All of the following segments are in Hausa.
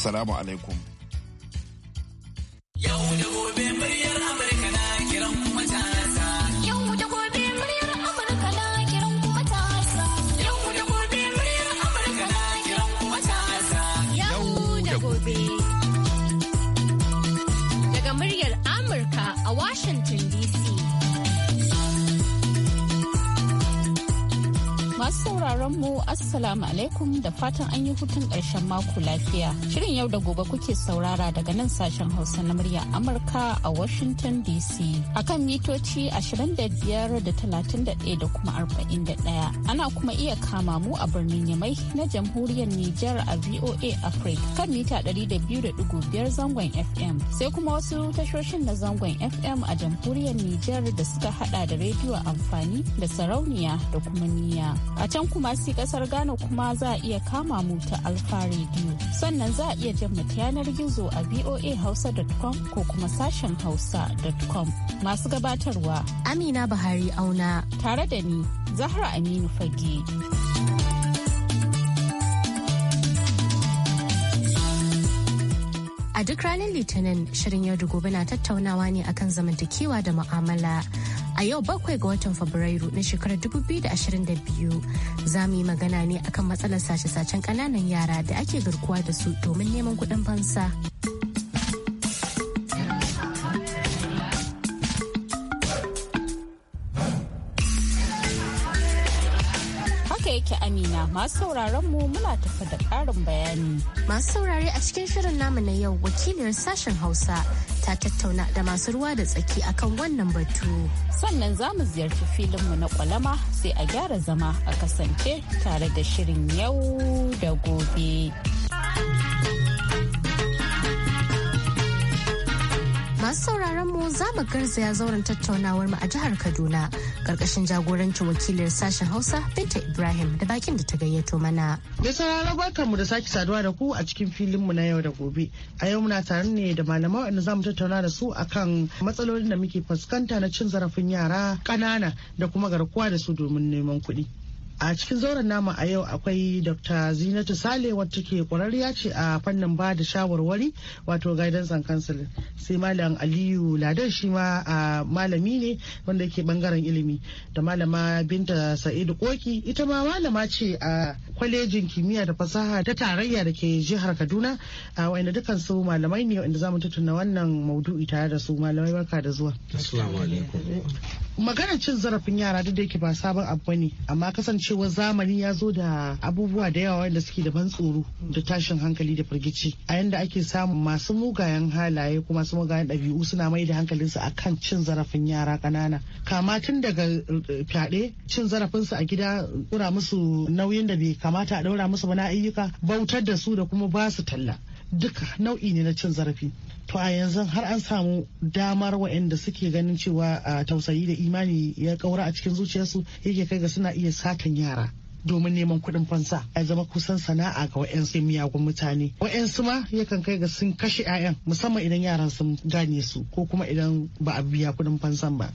Assalamu alaikum. Washington DC. Masu sauraron mu Assalamu alaikum da fatan an yi hutun ƙarshen mako lafiya. Shirin yau da gobe kuke saurara daga nan sashen Hausa na muryar Amurka a Washington DC. Akan mitoci 25 da 31 da kuma 41. Ana kuma iya kama mu a birnin Yamai na jamhuriyar Nijar a VOA Africa kan mita 200.5 zangon FM. Sai kuma wasu tashoshin na zangon FM a jamhuriyar Nijar da suka hada da rediyo amfani da sarauniya da kuma niya. A can kuma kuma kasar Ghana kuma za a iya kama mu ta Alfa Radio. Sannan za a iya jan mu ta yanar gizo a voahausa.com ko kuma sashen hausa.com. Masu gabatarwa Amina bahari Auna. Tare da ni Zahra Aminu Fage. A duk ranar Litinin shirin yau da gobe na tattaunawa ne akan zamantakewa da mu'amala. a yau bakwai ga watan Fabrairu na shekarar 2022 za mu yi magana ne akan matsalar sace-sacen kananan yara da ake garkuwa da su domin neman kuɗin fansa. yake amina masu sauraron mu muna tafa da ƙarin bayani. Masu saurare a cikin shirin namu na yau wakiliyar sashen Hausa ta tattauna da masu ruwa da tsaki akan wannan batu. Sannan za mu ziyarci filinmu na kwalama sai a gyara zama a kasance tare da shirin yau da gobe. masu sauraron mu za mu ya zauren tattaunawar mu a jihar Kaduna karkashin jagorancin wakilin sashen Hausa Binta Ibrahim da bakin da ta gayyato mana. Da sauraron barkar mu da sake saduwa da ku a cikin filin mu na yau da gobe. A yau muna tare ne da malamai wanda za mu tattauna da su akan matsalolin da muke fuskanta na cin zarafin yara ƙanana da kuma garkuwa da su domin neman kuɗi. a cikin zauren nama a yau akwai dr zinatu sale wacce ke kwararriya ce a fannin ba da shawarwari wato guidance and counseling sai malam aliyu ladan shi ma a malami ne wanda ke bangaren ilimi da malama binta sa'idu koki ita ma malama ce a kwalejin kimiyya da fasaha ta tarayya da ke jihar kaduna a wanda dukkan su malamai ne wanda za zamu tattauna wannan maudu'i tare da su malamai barka da zuwa maganar cin zarafin yara duk da yake ba sabon abu bane amma kasancewar zamani ya zo da abubuwa da yawa wanda suke da ban tsoro da tashin hankali da firgici a yanda ake samun masu mugayen halaye ko masu mugayen ɗabi'u suna mai da hankalinsu kan cin zarafin yara ƙanana kama tun daga eh, fyaɗe cin zarafinsu a gida ɗora musu nauyin da bai kamata a ɗaura musu ba na ayyuka bautar da su da kuma ba su talla duka nau'i ne na cin zarafi to a yanzu har an samu damar waɗanda suke ganin cewa a tausayi da imani ya kaura a cikin zuciyarsu yake kai ga suna iya satan yara domin neman kuɗin fansa a zama kusan sana'a ga wa'yansu miyagun mutane wa'yansu ma yakan kai ga sun kashe 'ya'yan musamman idan yaran sun gane su ko kuma idan ba a biya kuɗin fansan ba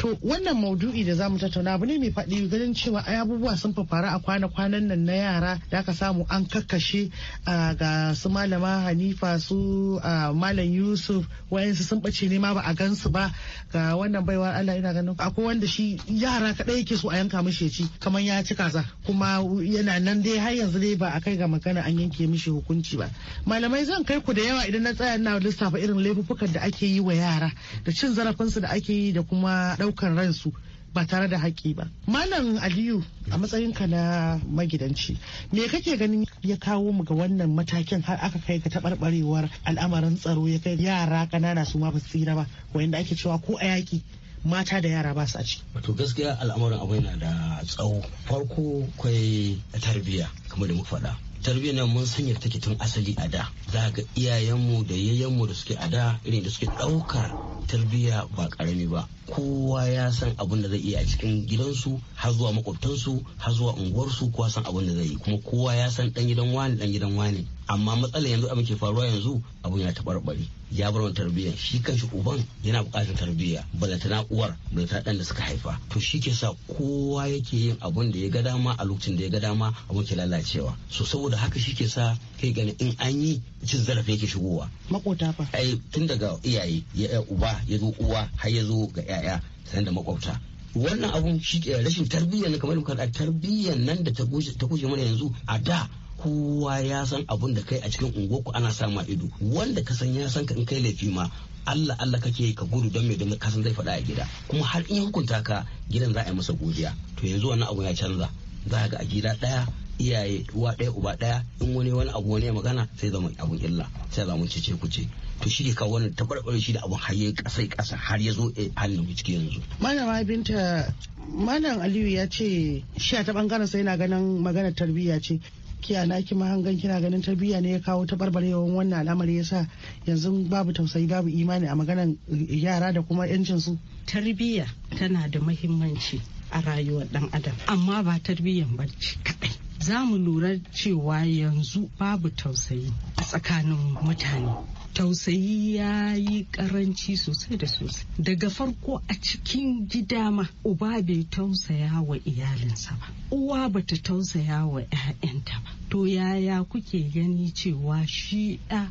To wannan maudu'i da zamu tattauna abu ne mai faɗi ganin cewa ai abubuwa sun fafara a kwana-kwanan nan na yara da aka samu an kakkashe ga su malama Hanifa su malam Yusuf wayansu sun bace ne ma ba a gansu ba ga wannan baiwar Allah ina ganin akwai wanda shi yara kaɗai yake so a yanka mishi ci kamar ya ci kaza kuma yana nan dai har yanzu dai ba a kai ga magana an yanke mishi hukunci ba. Malamai zan kai ku da yawa idan na tsaya ina lissafa irin laifuffukan da ake yi wa yara da cin zarafinsu da ake yi da kuma ɗaukan ransu ba tare da haƙƙi ba. Malam Aliyu a matsayinka na magidanci, me kake ganin ya kawo mu ga wannan matakin har aka kai ga taɓarɓarewar al'amarin tsaro ya kai yara ƙanana su ma ba tsira ba, wanda ake cewa ko a yaƙi mata da yara ba a ci. Wato gaskiya al'amarin abu yana da tsawo. Farko kwai tarbiyya kamar da muka faɗa. Tarbiyyar nan mun sanya take tun asali a da. za ga iyayenmu da yayyenmu da suke a da irin da suke ɗaukar tarbiyya ba karami ba kowa ya san abin da zai iya a cikin gidansu har zuwa makwabtansu har zuwa unguwarsu kowa san abin da zai yi kuma kowa ya san dan gidan wani dan gidan wani amma matsalar yanzu abin ke faruwa yanzu abin ya taɓarɓare ya bar wani tarbiyya shi kanshi uban yana buƙatar tarbiyya balantana uwar balantana ɗan da suka haifa to shi ke sa kowa yake yin abin da ya ga dama a lokacin da ya ga dama abin ke lalacewa so saboda haka shi ke sa kai gani in an yi cin zarafi yake shigowa makota fa ai tun daga iyaye ya uba ya zo uwa har ya zo ga yaya sanar da makwabta wannan abun shi rashin tarbiyyar kamar a tarbiyyar nan da ta kushe mana yanzu a da kowa ya san abun da kai a cikin unguwarku ana sa ma ido wanda ka san ya san ka in kai laifi ma Allah Allah kake ka gudu don me don ka san zai faɗa a gida kuma har in hukunta ka gidan za a yi masa godiya to yanzu wannan abu ya canza za ga a gida ɗaya iyaye uwa ɗaya uba ɗaya in wani wani abu wani magana sai zama abun illa sai zama cece kuce to shi ne kawo wannan tabarbare shi da abun har yayi kasai kasa har ya zo eh, halin mu yanzu malama binta malam aliyu ya ce shi a ta bangaren sai na ganin maganar tarbiyya ce kiyana na ki mahangan kina ganin tarbiyya ne ya kawo tabarbarewan wannan al'amari yasa yanzu babu tausayi babu imani a maganar yara da kuma yancin su tarbiyya tana da muhimmanci a rayuwar dan adam amma ba tarbiyyar barci kadai. za mu lura cewa yanzu babu tausayi a tsakanin mutane tausayi ya yi karanci sosai da sosai daga farko a cikin gida ma uba bai tausaya wa iyalinsa ba uwa bata tausaya wa 'ya'yanta ba to yaya kuke gani cewa shi ɗa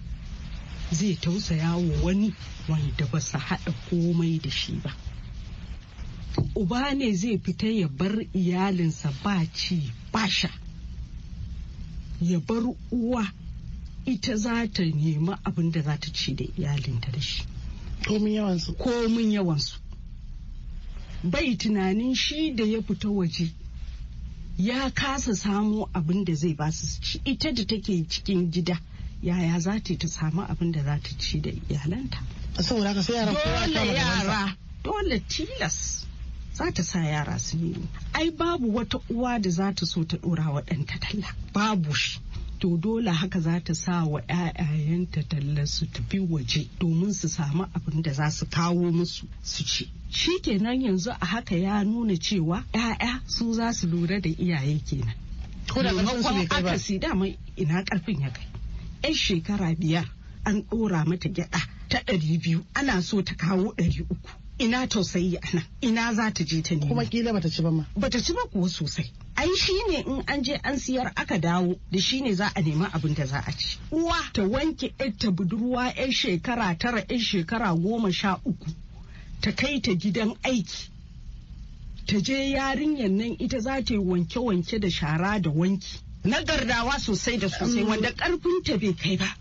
zai tausaya wa wani wanda ba su haɗa komai da shi ba uba ne zai fita ya bar iyalinsa ba ci ba sha ya bar uwa ita za ta nemi abin da za ta ci da iyalinta da shi komin yawansu komin yawansu bai tunanin shi da ya fita waje ya kasa samu abin da zai basu su ci ita da take cikin gida yaya za ta ta samu abin da za ta ci da iyalanta saboda ka sai yaran dole yara dole tilas za ta sa yara su nemi ai babu wata uwa da za ta so ta dora wa ɗanta talla babu shi to dole haka za ta sa wa 'ya'yayanta talla su tafi waje domin su samu abin da za su kawo musu su ci shi kenan yanzu a haka ya nuna cewa 'ya'ya su za su lura da iyaye kenan ko da akasi dama ina karfin ya kai yan shekara biyar an ɗora mata gyaɗa ta ɗari biyu ana so ta kawo ɗari uku ina tausayi ana ina za ta je ta nema kuma kila bata ci ba ma bata ci ba kuwa sosai ai shine in an je an siyar aka dawo da shine za a nema abin da za a ci uwa ta wanke yar ta budurwa yar shekara tara yar shekara goma sha uku ta kai ta gidan aiki ta je yarinyar nan ita za ta yi wanke-wanke da shara da wanki na gardawa sosai da sosai mm. wanda karfinta bai kai ba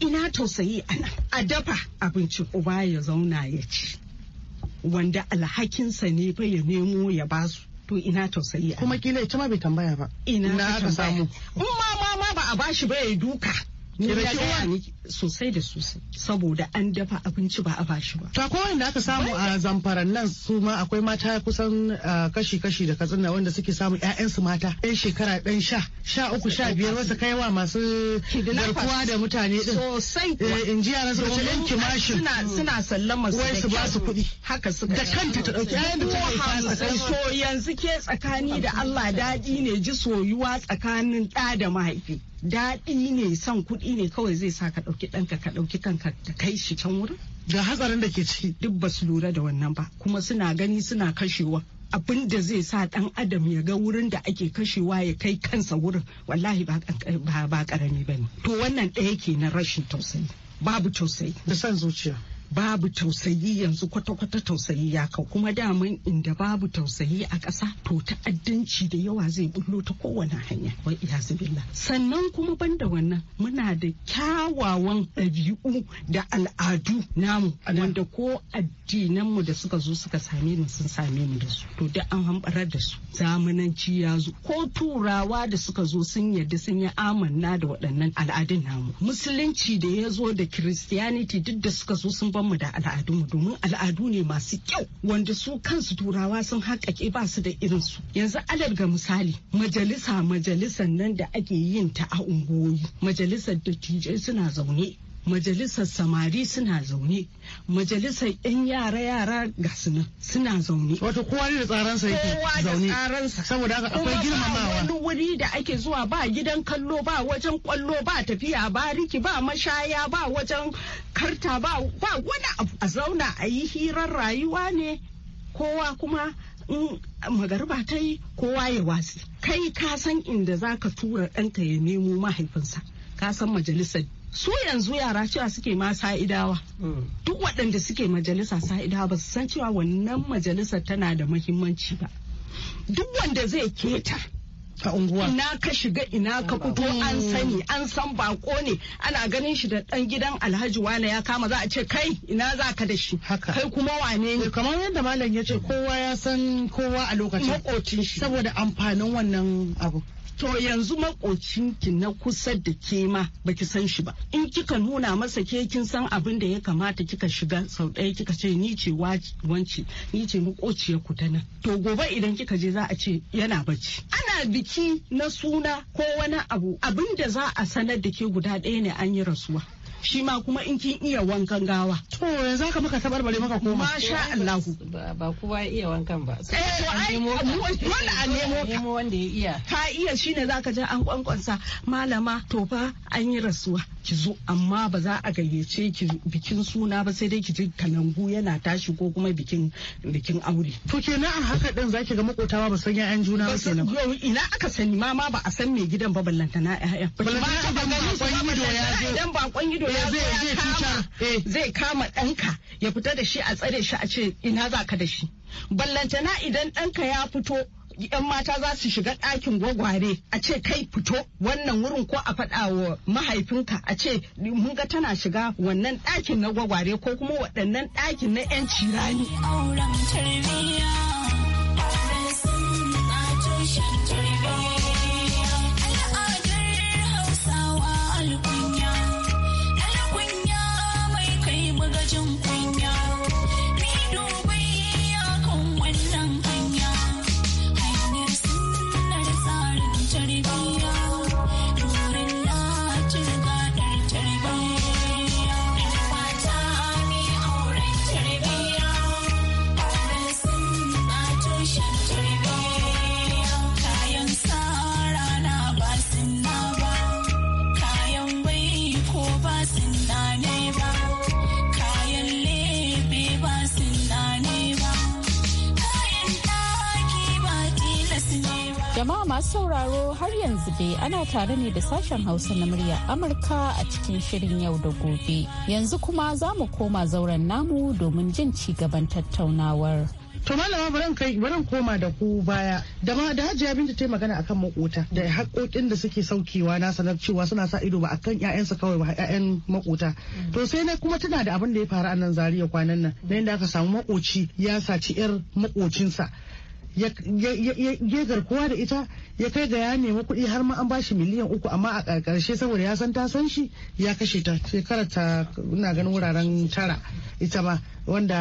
ina tausayi a nan a dafa abincin uba ya zauna ya ci wanda alhakinsa ne fa ya nemo ya basu to ina tausayi kuma kila ita ma bai tambaya ba ina ta samu in ma ma ba a bashi ba ya duka sosai da sosai saboda an dafa abinci ba a bashi ba to akwai wanda aka samu a zamfaran nan su ma akwai mata kusan kashi-kashi da katsina wanda suke samu ƴaƴansu mata ɗan shekara ɗan sha sha uku sha biyar wasu kaiwa masu garkuwa da mutane din sosai eh, in ji yaran su wace ɗan kimashin suna sallama su da kyau. wai su ba su kuɗi haka suka da kanta ta ɗauki ƴaƴan da ta haifa to yanzu ke tsakani da Allah daɗi ne ji soyuwa tsakanin ɗa da mahaifi daɗi ne son kuɗi ne kawai zai sa ka ɗauki ɗanka ka ɗauki kanka da kai shi can wurin ga hatsarin da ke ciki duk ba su lura da wannan ba kuma suna gani suna kashewa abin da zai sa ɗan adam ya ga wurin da ake kashewa ya kai kansa wurin wallahi ba karami ba ne to wannan ɗaya ke na rashin tausayi babu tausayi da son zuciya babu tausayi yanzu kwata-kwata tausayi ya kau kuma daman inda babu tausayi a ƙasa to ta'addanci da yawa zai bullo ta kowane hanya wai billah sannan kuma banda wannan muna da kyawawan ɗabi'u da al'adu namu wanda ko addinanmu da suka zo suka same mu sun same mu da su to da an hambarar da su zamananci ya zo ko turawa da suka zo sun yarda sun yi amanna da waɗannan al'adun namu musulunci da ya zo da christianity duk da suka zo sun ba mu da al'adunmu domin al'adu ne masu kyau wanda su kansu turawa sun haƙaƙe ba su da su yanzu alal ga misali majalisa majalisan nan da ake yin ta a unguwoyi majalisar dattijai suna zaune majalisar samari suna zaune majalisar yan yara yara ga suna suna zaune wato kowa da tsaransa yake zaune Kowa da saboda haka akwai girmamawa wani wuri da ake zuwa ba gidan kallo ba wajen kwallo ba tafiya ba riki ba mashaya ba wajen karta ba ba wani abu a zauna a yi hirar rayuwa ne kowa kuma in magarba ta yi kowa ya watsi kai ka san inda zaka tura ɗanka ya nemo mahaifinsa ka san majalisar su yanzu yara cewa suke ma sa'idawa mm. duk waɗanda suke majalisa sa'idawa ba su san cewa wannan majalisar tana da muhimmanci ba duk wanda zai keta a unguwa ina ka shiga ina ka fito an mm. sani an san bako ne ana ganin shi da dan gidan alhaji wane ya kama za a ce kai ina za ka da shi kai kuma wane ne eh, kamar yadda malam ya ce mm. kowa ya san kowa a lokacin makocin shi saboda amfanin wannan abu to yanzu makocinki na kusa da ke ma baki san shi ba in kika nuna masa ke kin san abin da ya kamata kika shiga sau ɗaya kika ce ni ce wanci ni ce makociyar ku ta nan to gobe idan kika je za a ce yana bacci ana biki biki na suna ko wani abu abin da za a sanar da ke guda ɗaya ne an yi rasuwa shi ma kuma in kin iya wankan gawa to yanzu haka muka tabarbare maka koma masha Allah ba kowa ya iya wankan ba eh, wanda a nemo wanda ya iya ka iya shine zaka je an kwankwansa malama to fa an yi rasuwa ki zo amma ba za a gayyace ki bikin suna ba sai dai ki ji kanangu yana tashi ko kuma bikin bikin aure to kenan a haka din zaki ga makotawa ba san yayan juna ba kenan ina aka sani ma ba a san me gidan ba ballantana ƴaƴa. ba ba bakon ido ya je ba bakon ido Eh, eh. zai kama ɗanka ya fita da shi a tsare shi a ce ina za ka da shi ballantana idan ɗanka ya fito yan mata za su shiga ɗakin gwagware a ce kai fito wannan wurin ko a faɗa wa mahaifinka a ce mun ga tana shiga wannan ɗakin na gwagware ko kuma waɗannan ɗakin na yan cirani. Masu sauraro har yanzu dai ana tare ne da sashen Hausa na murya Amurka a cikin shirin yau da gobe. Yanzu kuma za mu koma zauren namu domin jin ci gaban tattaunawar. To malama baran kai baran koma da ku baya da ma da Hajiya Binta ta magana akan makota da haƙoƙin da suke saukewa na sanar cewa suna sa ido ba akan ƴaƴansa kawai ba ƴaƴan makota. To sai na kuma tana da abin da ya faru a nan Zaria kwanan nan na yadda aka samu makoci ya saci ƴar makocinsa. ya garkuwa da ita ya kai ga ya nemi kuɗi har ma an bashi miliyan uku amma a ƙarshe saboda ya san ta san shi ya kashe ta shekara ta ina ganin wuraren tara ita ma wanda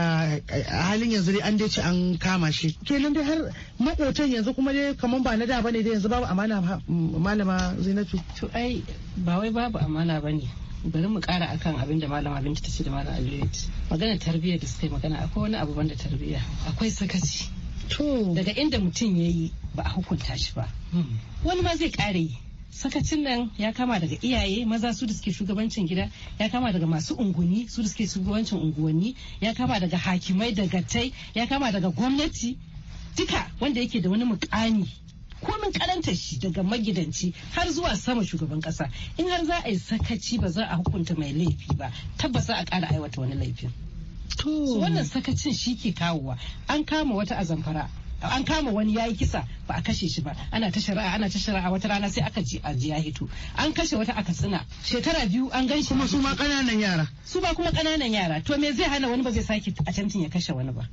a halin yanzu dai an dai ci an kama shi kenan dai har makotan yanzu kuma dai kamar ba na da bane dai yanzu babu amana malama zinatu to ai ba wai babu amana bane bari mu kara akan abin da malama binta ta ce da malam Aliyu magana tarbiyya da suka yi magana akwai wani abu banda tarbiyya akwai sakaci daga inda mutum ya yi ba a hukunta shi ba hmm. wani ma zai kare yi sakacin nan ya kama daga iyaye maza su da suke shugabancin gida ya kama daga masu unguni su da suke shugabancin unguwanni ya kama daga hakimai da gatai ya kama daga gwamnati duka wanda yake da wani mukami min karanta shi daga magidanci har zuwa sama shugaban kasa in har za a yi sakaci ba za a hukunta mai laifi ba tabbas za a kara aiwata wani laifin wannan sakacin shi ke kawowa an kama wata a zamfara an kama wani yayi kisa ba a kashe shi ba ana ta shari'a ana ta shari'a wata rana sai aka ji a ya hito an kashe wata aka shekara biyu an gan shi kuma su ma kananan yara su ba kuma kananan yara to me zai hana wani ba zai sake a tantin ya kashe wani ba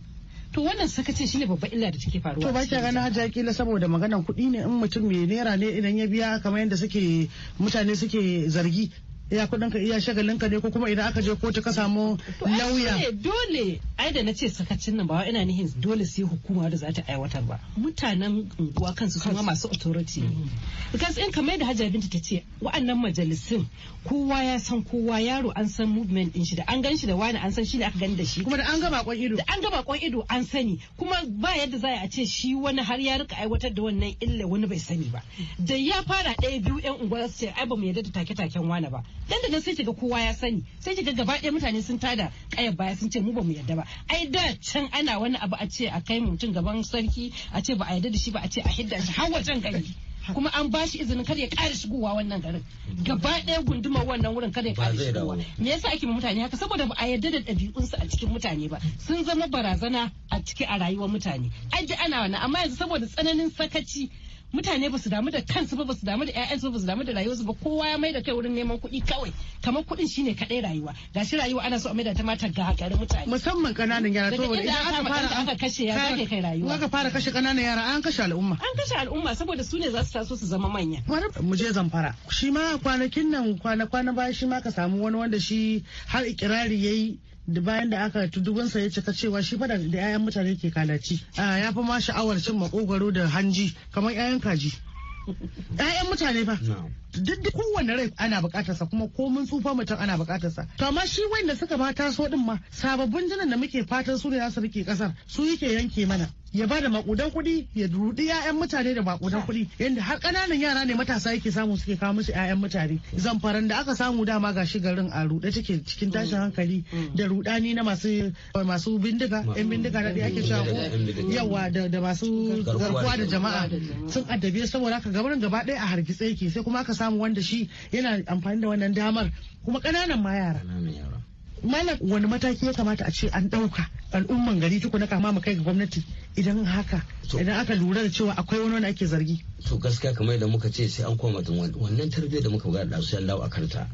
to wannan sakacin shine babban illa da take faruwa to ba ki gana haja kila saboda maganan kuɗi ne in mutum mai naira ne idan ya biya kamar yadda suke mutane suke zargi iya kudin ka iya shagalin ka ne ko kuma idan aka je kotu ka samu lauya dole ai da nace sakacin nan ba ina nihin dole sai hukuma da za ta aiwatar ba mutanen unguwa kansu kuma masu authority ne mm-hmm. because in kamar da Hajiya Binta ce wa'annan majalisun kowa ya san kowa yaro an san movement din shi da an gan shi da wani an san shi ne aka gani da shi kuma da an gaba bakon ido da an gaba bakon ido an sani kuma ba yadda za a ce shi wani har ya rika aiwatar da wannan illa wani bai sani ba da ya fara ɗaya biyu yan unguwa su ce ai ba mu yadda da take-taken wani ba dan daga sai kiga kowa ya sani sai kiga gaba ɗaya mutane sun tada kayan baya sun ce mu ba mu yarda ba ai da can ana wani abu a ce a kai mutum gaban sarki a ce ba a yarda da shi ba a ce a hidda shi har wajen gari kuma an ba shi izinin kar ya ƙara shigowa wannan garin gaba ɗaya gundumar wannan wurin kar ya ƙara shigowa me yasa ake mutane haka saboda ba a yarda da ɗabi'unsu a cikin mutane ba sun zama barazana a ciki a rayuwar mutane ai ana wannan amma yanzu saboda tsananin sakaci mutane ba su damu da kansu ba ba su damu da ƴaƴansu ba su damu da rayuwarsu ba kowa ya mai da kai wurin neman kuɗi kawai kamar kuɗin shine kaɗai rayuwa gashi rayuwa ana so a mai da ta mata ga garin mutane musamman ƙananan yara saboda idan aka fara aka kashe ya zake kai rayuwa aka fara kashe ƙananan yara an kashe al'umma an kashe al'umma saboda su ne za su taso su zama manya mu je zamfara shi ma kwanakin nan kwana kwana bayan shi ma ka samu wani wanda shi har ikirari yayi da bayan da aka sa ya cika cewa shi fada da 'ya'yan mutane ke kalaci ya fi ma sha'awar cin makogwaro da hanji kamar 'ya'yan kaji 'ya'yan mutane fa duk da kowane rai ana bukatarsa kuma komin tsufa mutum ana bukatarsa to amma shi wanda suka ma taso din ma sababbin jinan da muke fatan su ne za su rike kasar su yake yanke mana ya ba da makudan kuɗi ya rudi 'ya'yan mutane da makudan kuɗi yadda har ƙananan yara ne matasa yake samu suke kawo musu 'ya'yan mutane zamfaran da aka samu dama ga shi garin a rude take cikin tashin hankali da rudani na masu masu bindiga yan bindiga da ake cewa yawa da masu garkuwa da jama'a sun addabe saboda ka gabarin gaba ɗaya a hargitse yake sai kuma aka samu wanda shi yana amfani da wannan damar kuma ƙananan ma yara malam wani mataki ya kamata a ce an ɗauka al'umman gari tukuna kama mu kai ga gwamnati idan haka idan aka lura da cewa akwai wani wani ake zargi. to gaskiya kamar yadda muka ce sai an koma da wannan tarbiyyar da muka gada su yallawa a karta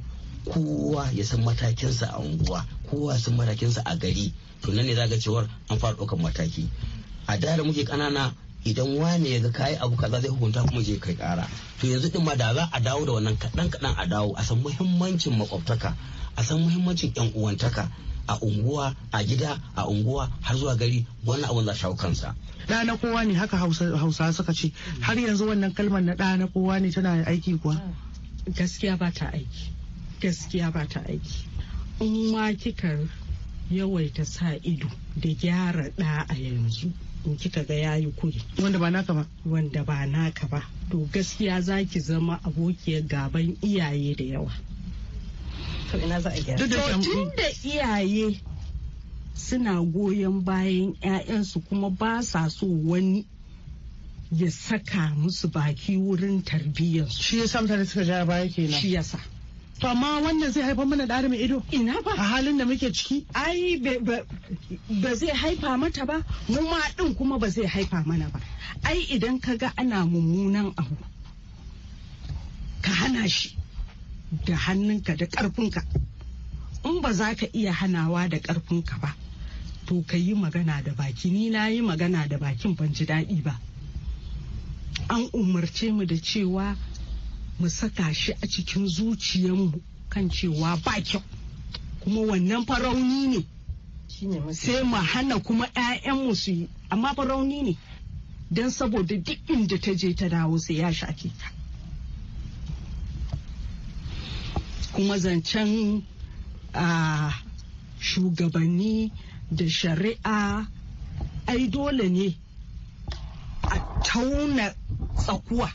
kowa ya san matakinsa a unguwa kowa san matakinsa a gari to nan ne zaka cewar an fara ɗaukar mataki a da da muke kanana. idan wani ya ga kayi abu kaza zai hukunta kuma je kai kara to yanzu din ma da za a dawo da wannan kadan kadan a dawo a san muhimmancin makwabtaka a san muhimmancin yan uwantaka a unguwa a gida a unguwa har zuwa gari wannan abun za shawo kansa da na kowa ne haka hausa suka ce har yanzu wannan kalmar na da na kowa ne tana aiki kuwa gaskiya ba ta aiki gaskiya ba ta aiki in ma kika yawaita sa ido da gyara ɗa a yanzu in kika ga ya yi kuri wanda ba naka ba wanda ba naka ba to gaskiya za ki zama abokiyar gaban iyaye da yawa to ina za a gyara da iyaye suna goyon bayan 'ya'yansu kuma ba sa so wani ya saka musu baki wurin tarbiyyar. Shi ya samta da suka ja baya kenan. Shi ya sa. To amma wannan zai haifar mana da mai ido. Ina ba. A halin da muke ciki. Ai ba zai haifa mata ba, mu ma din kuma ba zai haifa mana ba. Ai idan ka ga ana mummunan abu, ka hana shi da hannunka da ƙarfinka. In ba za ka iya hanawa da ƙarfinka ba, to ka yi magana da baki. Ni na yi magana da bakin ban ji daɗi ba. An umarce mu da cewa mu saka shi a cikin zuciyarmu kan cewa ba kyau kuma wannan farauni ne sai mu hana kuma 'ya'yanmu su yi amma farauni ne don saboda duk inda ta je ta dawo sai ya shafe ta kuma zancen a shugabanni da shari'a ai dole ne a tauna tsakuwa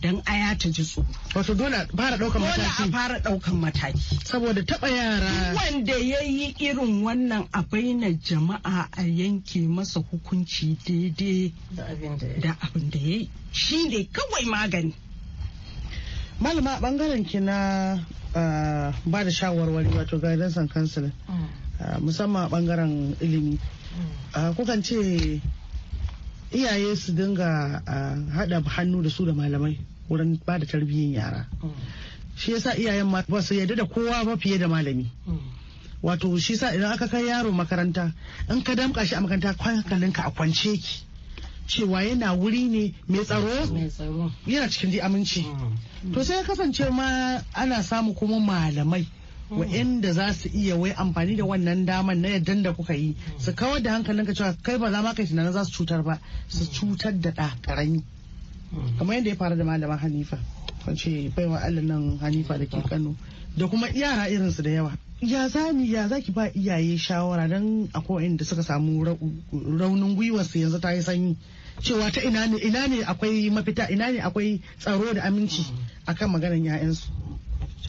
don aya ta ji tsoro. Wato dole a fara ɗaukan mataki. Dole a fara ɗaukan mataki. Saboda taɓa yara. Wanda ya yi irin wannan a baina jama'a a yanke masa hukunci daidai da abin da ya yi. Shi ne kawai magani. Malama bangaren ki na ah, ba da shawarwari wato guidance and mm. ah, musamman bangaren ilimi. Mm. Ah, kukan ce iyaye su dinga hada hannu da su da malamai wurin ba da tarbiyyar yara shi yasa iyayen ma ba su yarda da kowa ba fiye da malami wato shi sa idan aka kai yaro makaranta in ka damka shi a makaranta hankalinka a kwance ki cewa yana wuri ne mai tsaro yana cikin aminci mm. to sai ya kasance ma ana samu kuma malamai mm. wa'inda za su iya wai amfani da wannan daman na yadda da kuka yi mm. su kawar da hankalinka cewa kai ba za ma kai tunanin za su cutar ba su cutar da ɗa ƙarami kamar yadda ya faru da malama hanifa wace baiwa allah nan hanifa da ke kano da kuma yara irinsu da yawa ya ni ya za ki ba iyaye shawara don akwai inda suka samu raunin gwiwarsu yanzu ta yi sanyi cewa ta ina ne akwai mafita ina ne akwai tsaro da aminci akan maganar 'ya'yansu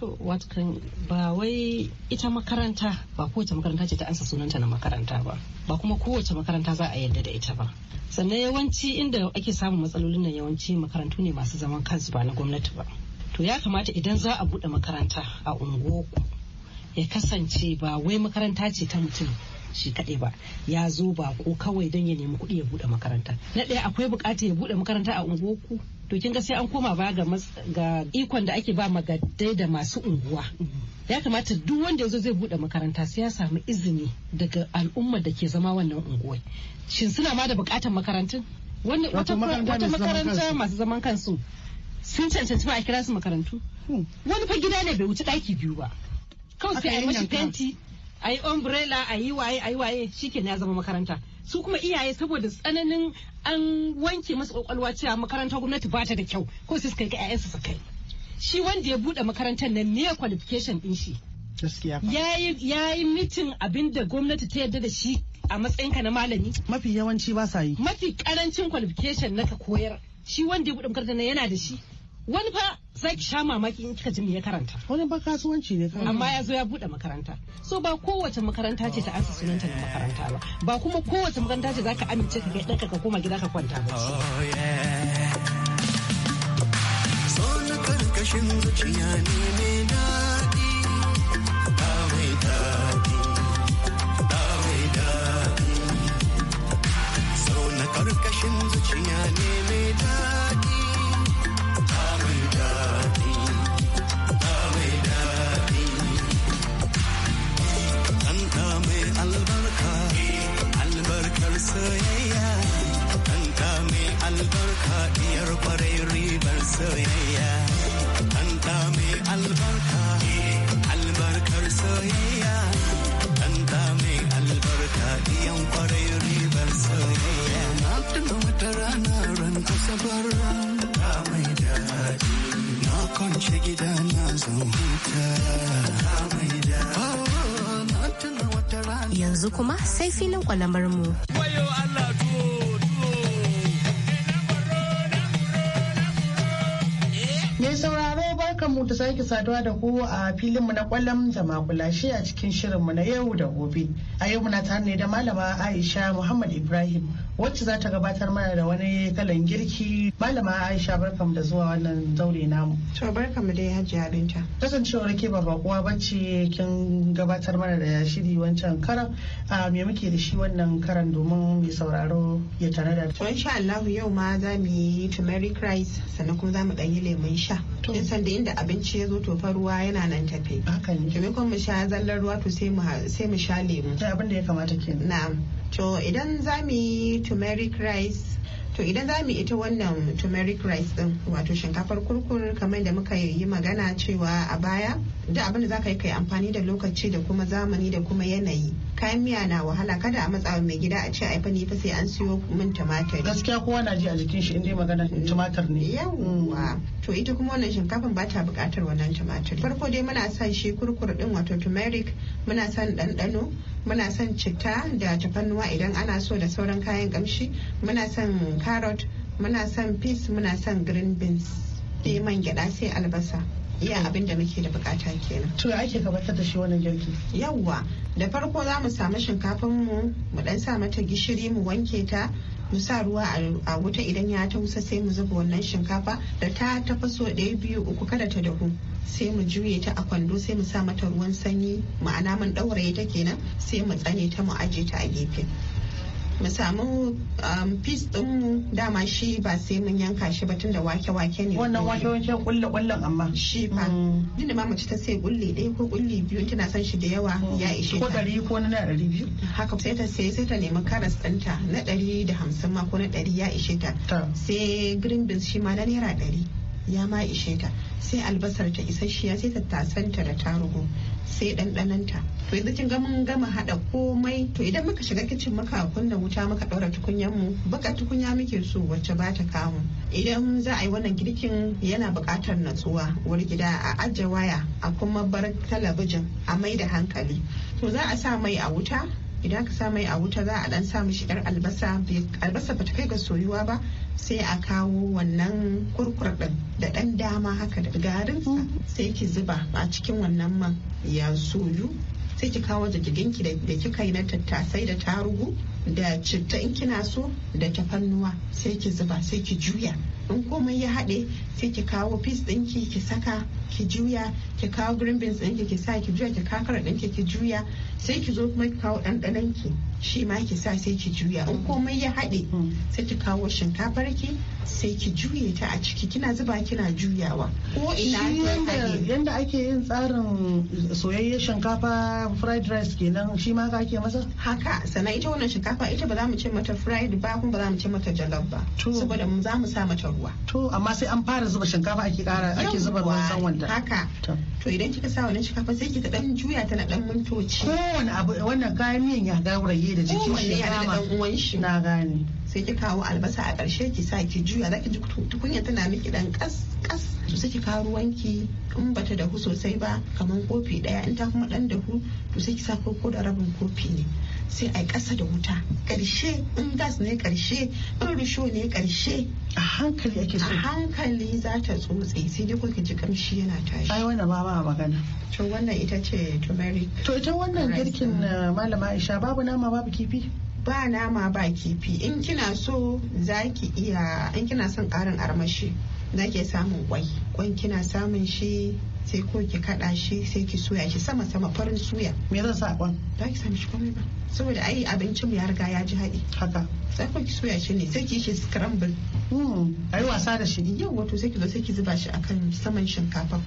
To watkan ba wai ita makaranta ba kowace makaranta ce ta ansa sunanta na makaranta ba ba kuma kowace makaranta za a yadda da ita ba. Sannan yawanci inda ake samun matsalolin nan yawanci makarantu ne masu zaman kansu ba na gwamnati ba. To ya kamata idan za a buɗe makaranta a unguwarku ya kasance ba wai makaranta ce ta mutum shi kaɗai ba ya zo ba ko kawai don ya nemi kuɗi ya buɗe makaranta. Na ɗaya akwai buƙatar ya buɗe makaranta a unguwarku to kin ga sai an koma ba ga ga ikon da ake ba magaddai da masu unguwa ya kamata duk wanda yazo zai bude makaranta sai ya samu izini daga al'ummar da ke zama wannan unguwa shin suna ma da bukatar makarantun wata makaranta masu zaman kansu sun cancanci ba a kira su makarantu hmm. wani fa gida ne bai wuce daki biyu ba kawai sai a yi mashi fenti a yi umbrella a yi waye a yi waye ne ya zama makaranta su kuma iyaye saboda tsananin an wanke masu kwakwalwa cewa makarantar gwamnati ba ta da kyau ko su suka ga 'ya'yansu su kai shi wanda ya bude makarantar nan me qualification din shi Gaskiya ya yi mitin abinda gwamnati ta yarda da shi a matsayinka na malami mafi yawanci ba sa yi mafi karancin qualification na ka koyar shi wanda ya bude makarantar nan yana da shi wani fa za ki sha mamaki in kika ji me ya karanta wani ba kasuwanci ne kawai amma ya zo ya bude makaranta so ba kowace makaranta ce ta ansa sunanta na makaranta ba ba kuma kowace makaranta ce zaka amince ka kai ka koma gida ka kwanta ba oh, so na karkashin zuciya ne mai daɗi soyayya hanta mai albarka diyar kwarai ribar soyayya mai albarka albarkar soyayya hanta mai albarka diyan kwarai ribar soyayya na tuna wata rana ran mai daɗi na gida na zan huta mai daɗi oh, yanzu kuma sai filin mu. Mai sauraro ta sake saduwa da ku a filinmu na kwallon da shi a cikin shirinmu na yau da gobe. A yau muna tare ne da malama Aisha Muhammad Ibrahim wacce za ta gabatar mana da wani kalan girki malama aisha barkam da zuwa wannan zaure namu to barkam da ya hajiya Abinta. kasancewar ke ba bakuwa bacci kin gabatar mana da shiri wancan karan a me muke da shi wannan karan domin mai sauraro ya da to insha Allah yau ma za mu yi turmeric rice sannan kuma za mu dan yi lemun sha kin san da inda abinci ya zo to fa ruwa yana nan tafe hakan ne kuma mu sha zallar ruwa to sai mu sai mu sha lemu abin da ya kamata kenan na'am to idan za mu yi turmeric rice to idan za mu ita wannan turmeric rice din wato shinkafar kurkur kamar da muka yi magana cewa a baya da abin da za ka yi kai amfani da lokaci da kuma zamani da kuma yanayi kayan miya na wahala kada a matsa mai gida a ce ai ne fa sai an siyo min tumatir gaskiya kowa na ji a jikin shi inda magana tumatir ne yawwa to ita kuma wannan shinkafin ba ta buƙatar wannan tumatir farko dai muna son shi kurkur din wato turmeric muna son ɗanɗano muna son citta da tafannuwa idan ana so da sauran kayan kamshi muna son carrot muna son peas muna son green beans sai eh, man gyada sai albasa iya abin da muke da bukata kenan to ake gabatar da shi wannan girki yawwa da farko za mu samu shinkafin mu mu dan sa mata gishiri mu wanke ta mu sa ruwa a wuta idan ya wusa sai mu zuba wannan shinkafa da ta tafaso ɗaya biyu uku kada ta dahu sai mu juye ta a kwando sai mu sa mata ruwan sanyi ma'ana mun ɗauraye ta kenan sai mu tsane ta mu aje ta a gefe mu samu fis um, ɗinmu dama shi ba sai mun yanka shi ba tunda wake-wake ne wannan wake wancan kulle kullen amma shi ba mm. din da mamaci ta sai kulle ɗaya ko kulle biyu tana son shi da yawa mm. ya ishe ta ko ɗari ko na ɗari biyu haka sai ta sai sai ta nemi karas ɗinta na ɗari da hamsin ma ko na ɗari ya ishe ta sai green beans shi ma na naira ɗari ya ma ishe ta sai albasar ta isasshiya sai tattasan ta da tarugu sai ɗanɗanan ta to yanzu kin ga mun gama haɗa komai to idan muka shiga kicin muka kunna wuta muka ɗaura tukunyan mu baka tukunya muke so wacce ba ta kamu idan za a yi wannan girkin yana buƙatar natsuwa wani gida a ajiye waya a kuma bar talabijin a mai da hankali to za a sa mai a wuta idan ka sa mai a wuta za a dan sa mishi yar albasa albasa bata kai ga soyuwa ba sai a kawo wannan kurkur din da dan dama haka da garin sai ki zuba a cikin wannan man ya soyu sai ki kawo ki da kika yi na tattasai da tarugu da citta in kina so da tafannuwa sai ki zuba sai ki juya in komai ya haɗe sai ki kawo fis ɗinki ki saka ki juya ki kawo green beans ɗinki ki sa ki juya ki kakara ɗinki ki juya sai ki zo kuma ki kawo ɗanɗanonki shi ma ki sa sai ki juya in komai ya haɗe mm. sai ki kawo shinkafar ki sai ki juye ta a ciki kina zuba kina juyawa ko ina yanda ake yin tsarin soyayyen shinkafa fried rice kenan shi ma ka ke masa haka sannan ita wannan shinkafa shinkafa ita ba za mu ce mata fried ba kuma ba za mu ce mata jalof ba saboda mu za mu sa mata ruwa to amma sai an fara zuba shinkafa ake kara ake zuba ruwan san wanda haka to idan kika sa wannan shinkafa sai kika dan juya ta na dan mintoci kowane abu wannan kayan miyan ya gauraye da jikin shi ya da dan uwan shi na gane sai ki kawo albasa a ƙarshe ki sa ki juya za ki ji tukunya tana miki dan kas kas to sai ki kawo ruwanki in bata dahu sosai ba kamar kofi daya in ta kuma dan dahu to sai ki sa ko da rabin kofi ne sai a ƙasa da wuta ƙarshe in gas ne ƙarshe in risho ne ƙarshe a hankali ake so a hankali za ta tsotse sai dai kuka ji kamshi yana tashi ai wannan ba ba magana to wannan ita ce turmeric to ita wannan girkin eh, malama Aisha babu nama babu kifi ba nama ba kifi in kina so za ki iya in kina son ƙarin armashi na ke samun kwai kwan kina samun shi sai ko ki kaɗa shi sai ki soya shi sama sama farin suya me zan sa kwan ba ki sami shi komai ba saboda ai abincin mu ya riga ya ji haɗi haka sai ko ki soya shi ne sai ki shi scramble hmm. ai wasa da shi yau wato sai ki zo sai ki zuba shi akan saman shinkafa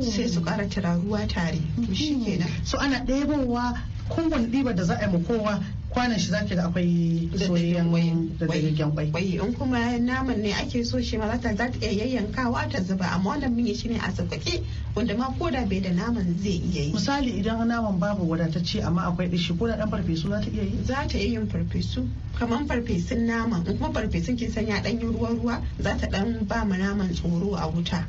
sai su kara turaruwa tare to shi hmm. kenan so ana ɗebowa kowane ɗiba da za a yi ma kowa kwanan shi zaki da akwai soyayyen da dagaggen kwai kwai in kuma naman ne ake so shi ma za ta iya yayyankawa ta zuba amma wannan mun yi shi ne a sauƙaƙe wanda ma ko da bai da naman zai iya yi misali idan naman babu wadatacce amma akwai dishi ko da dan farfesu za ta iya yi za ta iya yin farfesu kamar farfesun naman in kuma farfesun ke sanya ɗanyen ruwa ruwa za ta dan ba ma naman tsoro a wuta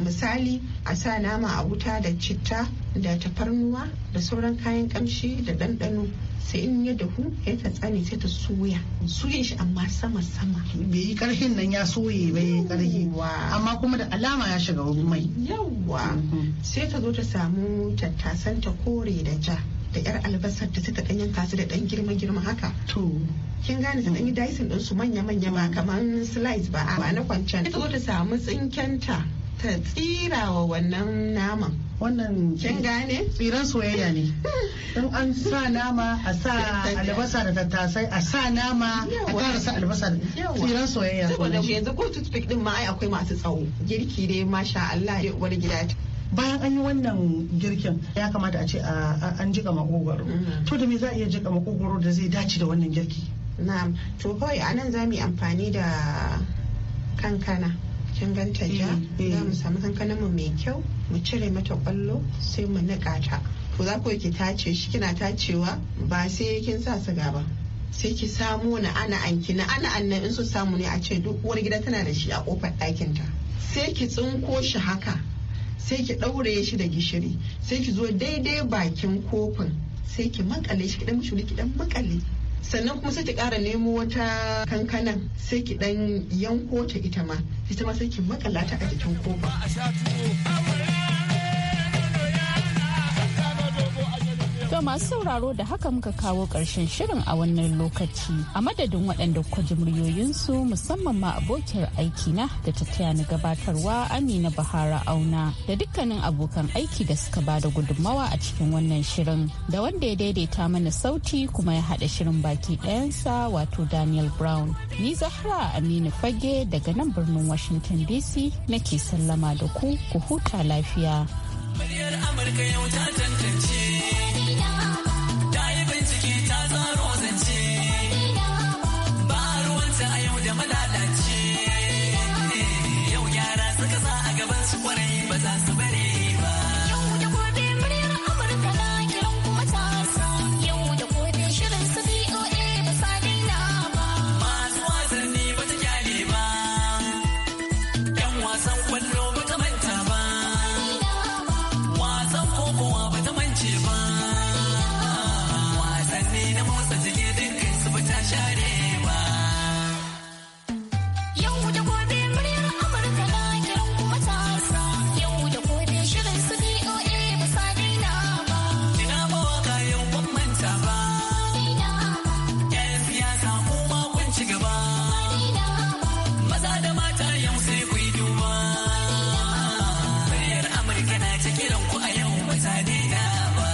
misali a sa nama a wuta da citta da tafarnuwa da sauran kayan kamshi da ɗanɗano sai in ya dahu ya ta tsane sai ta soya soya shi amma sama sama bai yi karhin nan ya soye bai yi karhi amma kuma da alama ya shiga mai yawwa mm-hmm. sai ta zo ta samu tattasan ta kore da ja da yar albasar da ta ɗan yanka su da ɗan girma girma haka to kin gane ta ɗan yi daisin ɗinsu manya manya ba mm. kamar slice ba ba na kwancen ta zo ta samu tsinkenta ta tsira wa wannan naman wannan kin gane tsiran soyayya ne in an sa nama a sa albasa da tattasai a sa nama a kara sa albasa da tsiran soyayya saboda yanzu ko toothpick din ma ai akwai masu tsawo girki dai masha Allah wani gida bayan an yi wannan girkin ya kamata a ce an jika makogwaro mm-hmm. to da me za a iya jika makogwaro da zai dace da wannan girki na'am to kawai anan za mu yi amfani da kankana kin ganta ja mm. mm. za mu samu kankanan mu mai kyau mu cire mata kwallo sai mu niƙa ta to za ku ki tace shi kina tacewa ba sai kin sa ga ba sai ki samo na ana anki na ana annan in su samu ne a ce duk uwar gida tana da shi a kofar ɗakin ta sai ki tsinko shi haka sai ki ɗaure shi da gishiri sai ki zo daidai bakin kofin sai ki makale shi kidan mushuli kidan makale sannan kuma sai ki ƙara nemo wata kankana sai ki ɗan yanko ta ita ma ita ma sai ki makala ta a jikin kofa. masu sauraro da haka muka kawo ƙarshen shirin a wannan lokaci a madadin waɗanda kwa ji muryoyinsu musamman ma abokiyar aikina da ta taya ni gabatarwa amina bahara auna da dukkanin abokan aiki da suka ba da gudunmawa a cikin wannan shirin da wanda ya daidaita mana sauti kuma ya haɗa shirin baki ɗayansa wato daniel brown ni zahra aminu fage daga nan birnin washington dc nake sallama da ku ku huta lafiya. Muryar Amurka yau ta tantance.